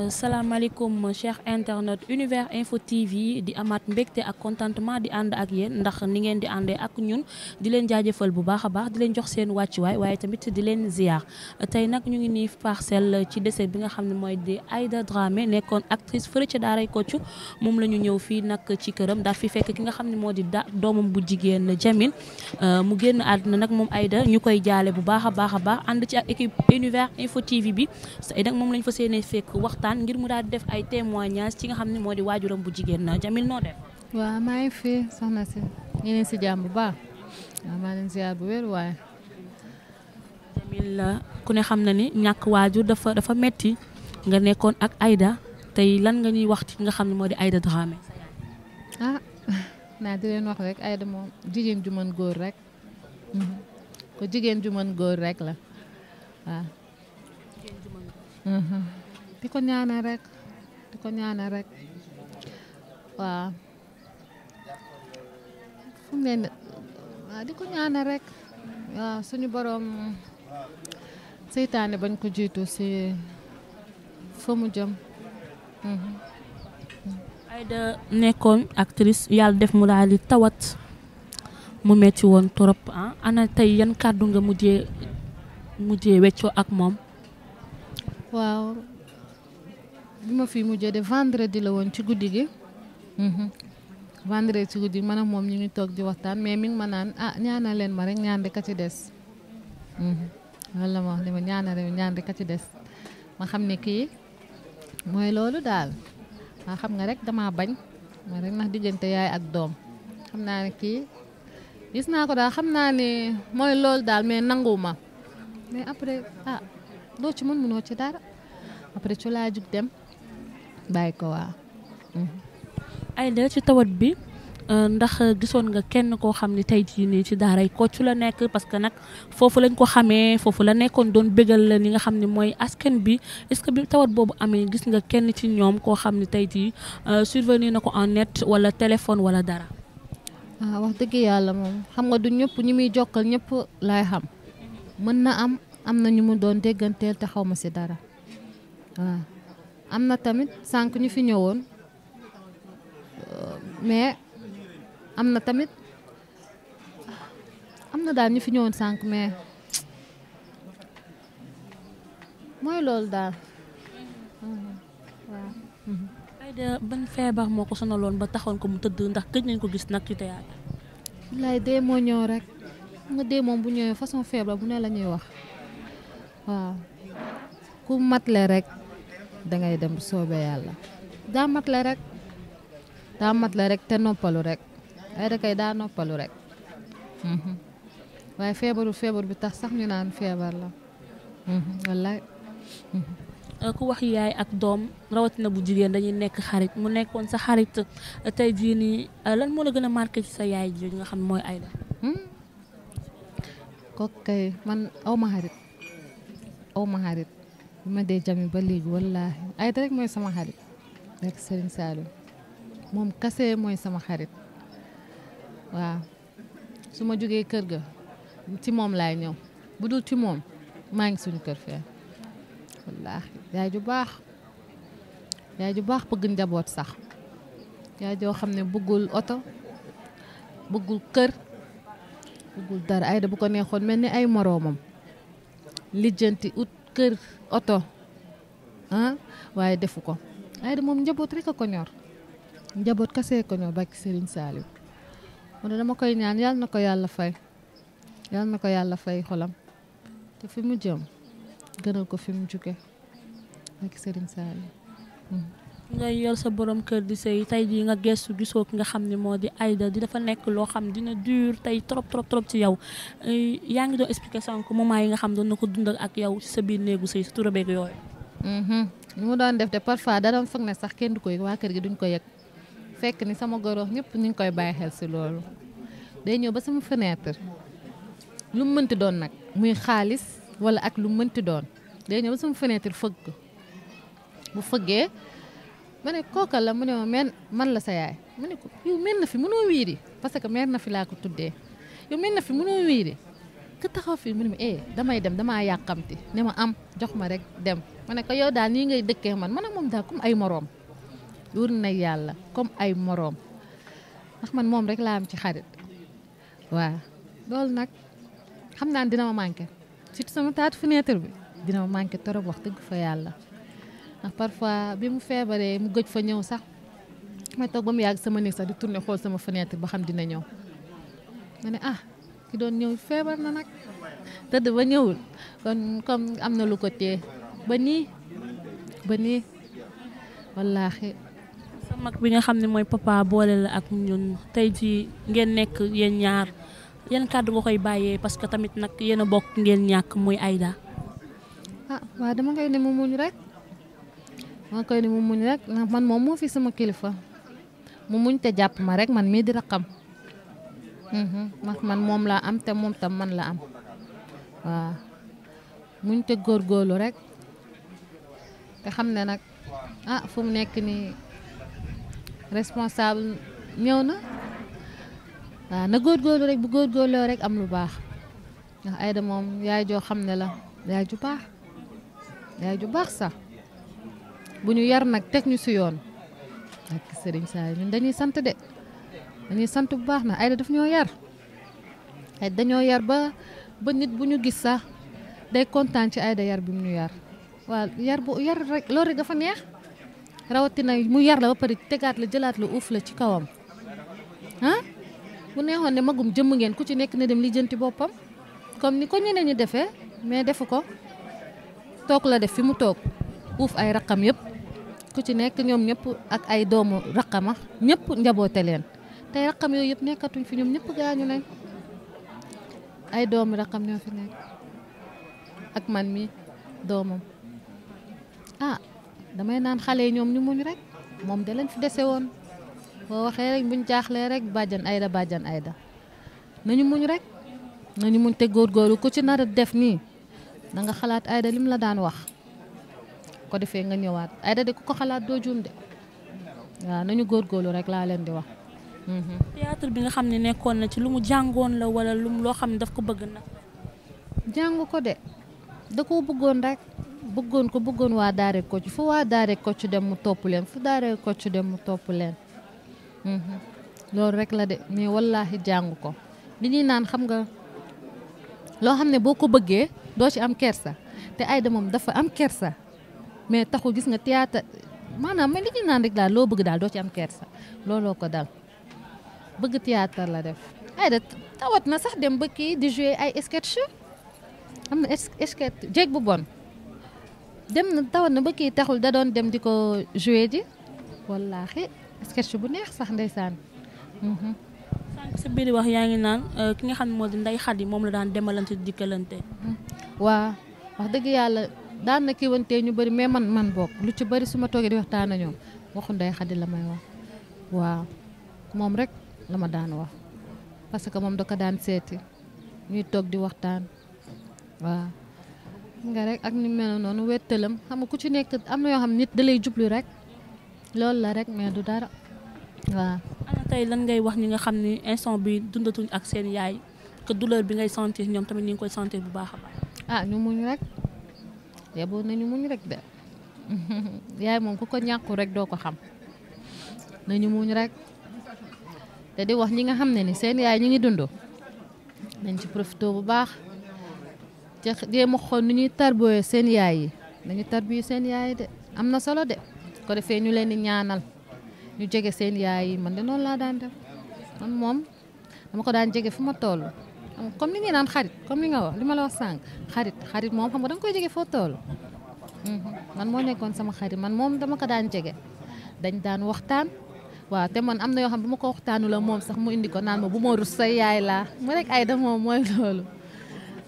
Euh, salaamaaleykum cher internet univers info TV di amaat mbégte ak contentement di ànd ak yéen ndax ni ngeen di àndee ak ñun di leen jaajëfal bu baax a baax di leen jox seen wàccuwaay waaye tamit di leen ziar tey nag ñu ngi nii parcelle ci décès bi nga xam ne mooy di Aïda Dramé nekkoon actrice fële ca daaray Kocc moom la ñu ñëw fii nag ci këram daal fi fekk ki nga xam ne moo di da doomam bu jigéen Jamil euh, mu génn àdduna nag moom Aïda ñu koy jaale bu baax a baax a baax ànd ci ak équipe bi moom la ñu fas yéene waxtaan ngir mu daal di def ay témoignage ci nga xam ne moo di waajuram bu jigéen na Jamil noo def. waaw maa ngi fi soxna si ñu si jàmm bu baax waaw maa leen bu wér waaye. ku ne xam na ni ñàkk waajur dafa metti nga nekkoon ak Aïda tey lan nga ñuy wax ci nga xam ne moo di Aïda Dramé. ah naa di rek Aïda moom jigéen ju mën góor rek mhm. ko jigéen ju mën góor rek la waaw. di ko ñaanal rek di ko ñaanal rek waaw fu ko ñaanal rek suñu boroom seytaane bañ ko jiitu si fa mu jëm. Mhm. ayda nekkoon actrice yàlla def mu daal di tawat mu metti woon trop ah. ana tey yan kàddu nga mujjee mujjee weccoo ak moom. waaw bi ma fi mujjee de vendredi la woon ci guddi gi. Mhm. vendredi ci guddi ma ak moom ñu ngi toog di waxtaan mais mi ngi ma naan ah ñaanal leen ma rek ñaan rek a ci des. Mhm. loolu la ma wax ne ma ñaanal des ma xam ne kii mooy loolu daal waa xam nga rek damaa bañ ma rek ndax diggante yaay ak doom xam naa ne kii gis naa ko daal xam naa ne mooy loolu daal mais nanguwuma mais après ah doo ci mën mënoo ci dara après ci laa jug dem. bàyyi ko waaw. Aida ci tawat bi euh, ndax gisoon nga kenn koo xam ne tey jii nii ci daaray Kocc la nekk parce que nag foofu lañ ko xamee foofu la nekkoon doon bégal la li nga xam ne mooy askan bi est-ce que bi tawat boobu amee gis nga kenn ci ñoom koo xam ne tey jii euh, survenir na ko en net wala téléphone wala dara. waaw ah, wax dëgg yàlla moom xam nga du ñëpp ñi muy jokkal ñépp laay xam mën na am am na ñu mu doon dégganteel te xaw ma si dara waaw. am na tamit sànq ñu fi ñëwoon euh, mais am na tamit am na daal ñu fi ñëwoon sànq mais mooy loolu daal waaw. Aida ban feebar moo ko sonaloon ba taxoon ko mu tëdd ndax gëj nañ ko gis nag ci théâtre. lay dee moo ñëw rek nga dee moom bu ñëwee façon feebar bu ne lañuy wax waaw ku matle rek. dangay dem soobee yàlla daa mat la rek daa mat la rek te noppalu rek ay da kay daa noppalu rek mhm. waaye feebaru feebar bi tax sax ñu naan feebar la mhm. wallaay mhm. Euh, ku wax yaay ak doom rawatina bu jigéen dañuy nekk xarit mu nekkoon sa xarit euh, tey jii nii euh, lan moo la gën a marqué ci sa yaay ji nga xam mooy Aida hmm? kooku kay man aw ma xarit aw ma xarit bi ma dee jami ba léegi wallaahi ay rek mooy sama xarit rek Serigne Saliou moom kase mooy sama xarit waaw su ma jógee kër ga ci moom laay ñëw bu dul ci moom maa ngi suñu kër fee wallaahi yaay ju baax bëgg njaboot sax yaay joo xam ne bëggul oto bëggul kër bëggul dara ay bu ko neexoon mel ni ay moroomam lijjanti ut kër oto waaye defu ko Aida moom njaboot rek a ko ñor njaboot kasee ko ñor bàkki Serigne Saliou mu ne dama koy ñaan yàlla na ko yàlla fay yàlla na ko yàlla fay xolam te fi mu jëm gënal ko fi mu jóge bàkki Serigne Saliou hmm. ngay yor sa borom kër di sëy tey jii nga gestu gisoo ki nga xam ne moo di Aida di dafa nekk loo xam dina dur tey trop trop trop ci yow eh, yaa ngi doon expliqué sànq moment yi nga xam doon na ko dundal ak yow ci sa biir néegu sëy surtout rëbeeg yooyu. Mm-hmm. li mu doon def de parfois da doon foog ne sax kenn du ko yëg waa kër gi duñ ko yëg fekk ni sama goro ñëpp ñu ngi koy bàyyi xel ci loolu. day ñëw ba sama fenêtre lu mu mënti doon nag muy xaalis wala ak lu mu mënti doon day ñëw ba sama fenêtre fëgg bu mane ne kookal la mu ne ma man la sa yaay ma ne ko yow mel na fi mënoo wiiri parce que mel na fi laa ko tuddee yow mel na fi mënoo wiiri ka taxaw fi mu ne ma eh damay dem damaa yàqamti ne ma am jox ma rek dem ma ne yow daal nii ngay dëkkee man man ak moom daal ay moroom wóor na yàlla comme ay moroom ndax man moom rek laa am ci xarit waaw loolu nag xam naa dina ma manqué surtout sama taatu fenêtre bi dina ma manqué torop wax dëgg fa yàlla ndax parfois bi mu feebaree mu gëj fa ñëw sax ma toog ba mu yàgg sama néeg sax di tourner xool sama fenêtre ba xam dina ñëw ma ne ah ki doon ñëw feebar na nag tëdd ba ñëwul kon kom am na lu ko téye ba nii ba nii wallaahi. sa mag bi nga xam ne mooy papa boole la ak ñun tey jii ngeen nekk yéen ñaar yan kàddu nga koy bàyyee parce que tamit nag yéen a bokk ngeen ñàkk muy Aida. ah waa dama ngay ne mu muñ rek. ma koy ni mu muñ rek man moom moo fi sama kilifa mu muñ te jàpp ma rek man mii di raqam mhm, ndax man moom laa am te moom tam man la am waaw muñ te góorlu rek te xam ne nag ah fu mu nekk nii responsable ñëw na waaw na góorgóorlu rek bu góorgóorloo rek am lu baax ndax Aida moom yaay joo xam ne la yaay ju baax yaay ju baax sax bu ñu yar nag teg ñu si yoon ak sëriñ saa ñun dañuy sant de dañuy sant bu baax na ay daf ñoo yar ay dañoo yar ba ba nit bu ñu gis sax day kontaan ci Aida yar bi mu ñu yar waaw yar bu yar rek loolu rek dafa neex rawatina mu yar la ba pare tegaat la jëlaat la uuf la ci kawam ah bu neexoon ne magum jëmm ngeen ku ci nekk na dem lijjanti boppam comme ni ko ñeneen ñi defee mais defu ko toog la def fi mu toog uuf ay raqam yëpp. ku ci nekk ñoom ñëpp ak ay doomu raqama ñëpp njaboote leen tey raqam yooyu yëpp nekkatuñ fi ñoom ñëpp gaañu nañ ay doomi raqam ñoo fi nekk ak man mi doomam ah damay naan xale yi ñoom ñu muñ rek moom de lañ fi dese woon boo waxee rek buñ jaaxlee rek bàjjan ayda bàjjan ayda nañu muñ rek nañu muñ te góorgóorlu ku ci nar def nii danga nga xalaat ayda lim la daan wax ko defee nga ñëwaat ay de ku ko xalaat doo juum de waaw nañu góorgóorlu rek laa leen di wax. Mhm. théâtre bi nga xam ne nekkoon na ci lu mu jàngoon la wala lu mu loo xam ne daf ko bëgg na jàng ko de da koo bëggoon rek bëggoon ko bëggoon waa Daare ko fu Daare Kocc dem mu topp leen fu Daare Kocc dem mu topp leen. Mhm. loolu rek la de mais wallaahi jàng ko li ñuy naan xam nga loo xam ne boo ko bëggee doo ci am kersa te Aïda moom dafa am kersa. mais taxul gis nga théâtre maanaam ma li naan rek daal loo bëgg daal doo ci am kersa looloo ko dal bëgg théâtre la def ay da tawat na sax dem ba kii di jouer ay sketch am na sketch jéeg bu bon dem na tawat na ba kii taxul da doon dem di ko jouer di wallaahi sketch bu neex sax ndeysaan mhm. sànq sa biir wax yaa ngi naan euh, ki nga xam ne moo di Ndeye Khady moom la daan di dikkalante mhm. waa wax dëgg yàlla daan na kiiwantee ñu bari mais man man bokk lu ci bari suma ma di waxtaan ak ñoom waxu Ndeye Khady la may wax waaw moom rek la daan wax parce que moom da ko daan seeti ñuy toog di waxtaan waaw. nga rek ak ni mel noonu wettalam xam nga ku ci nekk am na yoo xam nit dalay jubli jublu rek loolu la rek mais du dara waaw. ana tey lan ngay wax ñi nga xam ni instant bi dundatuñ ak seen yaay que douleur bi ngay sentir ñoom tamit ñu ngi koy sentir bu baaxam ah ñu muñ yaboo nañu muñ rek de yaay moom ku ko ñàkkul rek doo ko xam nañu muñ rek te wax ñi nga xam ne ni seen yaay ñu ngi dundoo nañ ci profité bu baax ca jéem a xool nu ñuy tarboye seen yaay yi nañu tarbiyu seen yaay de am na solo de su ko defee ñu leen di ñaanal ñu jege seen yaay yi man de noonu laa daan dem man moom dama ko daan jege fu ma toll. am comme li nga naan xarit comme li nga wax li ma la wax sànq xarit xarit moom xam nga da nga koy jege foo toll. Mhm. man moo nekkoon sama xarit man moom dama ko daan jege dañ daan waxtaan waaw te man am na yoo xam ne bu ko waxtaanu la moom sax mu indi ko bu ma rus say yaay laa mu ay da mooy loolu.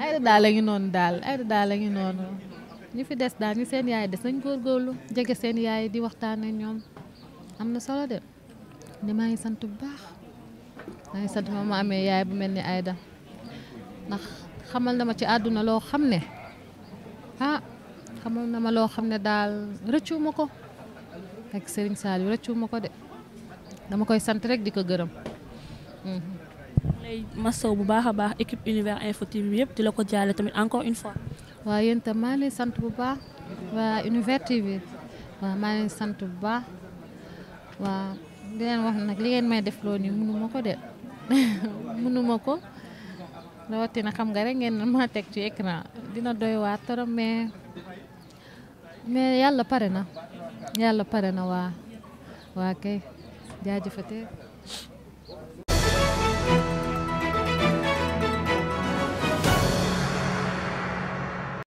ay noonu daal ay daal la noonu ñu fi des daal ñu seen yaay des nañ góorgóorlu jege seen yaay di waxtaan ñoom am na solo de. ni maa ngi sant bu baax maa ngi sant ma amee yaay bu mel ni Aida ndax xamal na ma ci àdduna loo xam ne ah xamal na ma loo xam ne daal rëccu ma ko ak sëriñ Saliou rëccu ma ko de dama koy sant rek di ko gërëm. Mm-hmm. lay bu baax a baax équipe univers info TV bi yëpp di la ko jaale tamit encore une fois. waa yéen maa lay sant bu baax waa univers TV waaw maa leen sant bu baax waa di wax nag li ngeen may def loo nii mënu ma ko de mënu ko. rawatina xam nga rek ngeen ma teg ci écran dina doy waar trop mais mais yàlla pare na yàlla pare na waa waa kay jaajëfatee